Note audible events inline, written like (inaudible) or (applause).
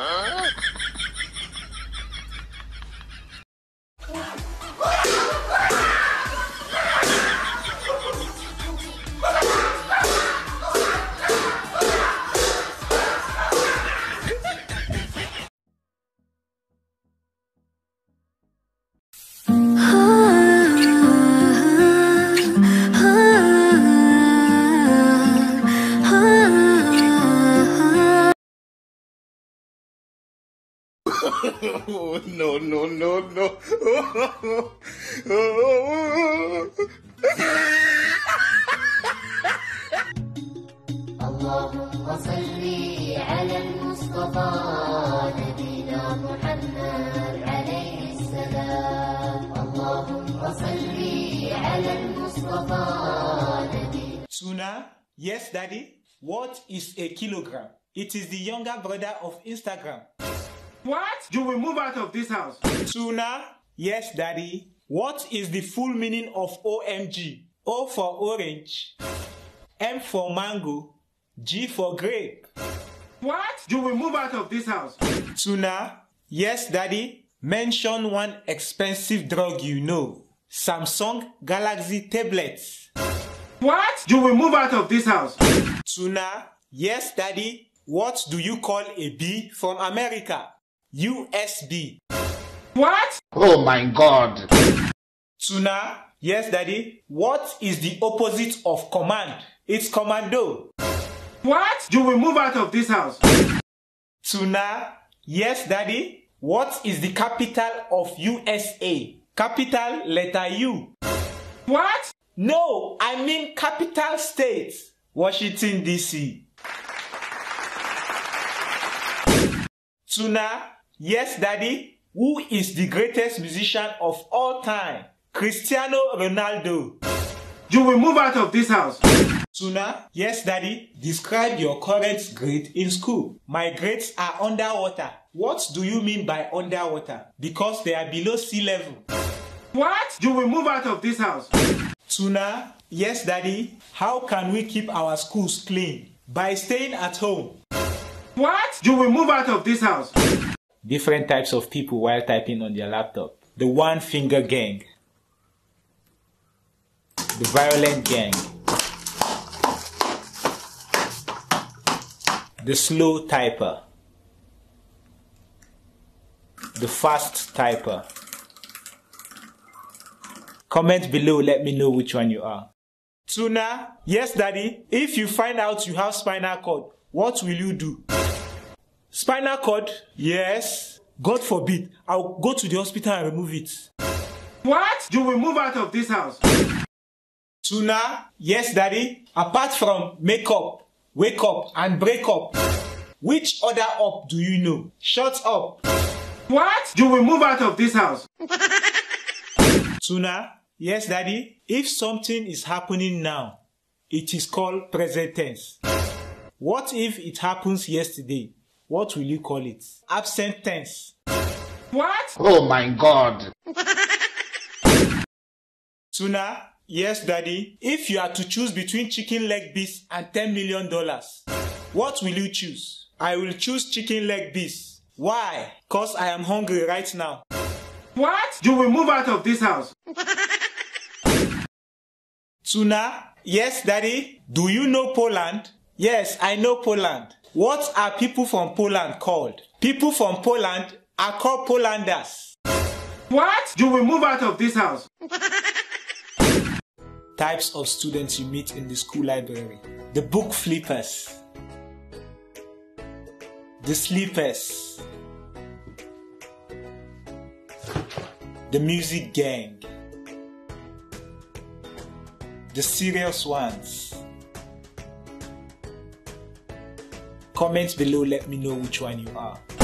Huh? Oh, no, no, no, no. Oh, oh, اللهم صل على المصطفى نبينا محمد عليه السلام اللهم صل على المصطفى نبينا Suna, yes daddy, what is a kilogram? It is the younger brother of Instagram. What? You will move out of this house. Tuna. Yes, daddy. What is the full meaning of OMG? O for orange, M for mango, G for grape. What? You will move out of this house. Tuna. Yes, daddy. Mention one expensive drug you know. Samsung Galaxy tablets. What? You will move out of this house. Tuna. Yes, daddy. What do you call a bee from America? USB. What? Oh my god. Tuna, yes daddy? What is the opposite of command? It's commando. What? You will move out of this house. Tuna, yes daddy? What is the capital of USA? Capital letter U. What? No, I mean capital state, Washington DC. Tuna, Yes, Daddy, who is the greatest musician of all time? Cristiano Ronaldo. You will move out of this house. Suna, yes, Daddy, describe your current grade in school. My grades are underwater. What do you mean by underwater? Because they are below sea level. What? You will move out of this house. Suna, yes, Daddy, how can we keep our schools clean? By staying at home. What? You will move out of this house. different types of people while typing on their laptop. The one finger gang, the violent gang, the slow typer, the fast typer. Comment below, let me know which one you are. Tuna, yes daddy, if you find out you have spinal cord, what will you do? Spinal cord? Yes. God forbid, I'll go to the hospital and remove it. What? You will move out of this house. Tuna, Yes, daddy. Apart from make up, wake up, and break up, which other up do you know? Shut up. What? You will move out of this house. (laughs) Tuna, Yes, daddy. If something is happening now, it is called present tense. What if it happens yesterday? What will you call it? Absent tense. What? Oh my god. (laughs) Tuna, yes daddy, if you are to choose between chicken leg beef and 10 million dollars, what will you choose? I will choose chicken leg beef. Why? Cause I am hungry right now. What? You will move out of this house. (laughs) Tuna, yes daddy, do you know Poland? Yes, I know Poland. What are people from Poland called? People from Poland are called Polanders. What? You will move out of this house. Types of students you meet in the school library. The book flippers. The sleepers. The music gang. The serious ones. Comment below, let me know which one you are.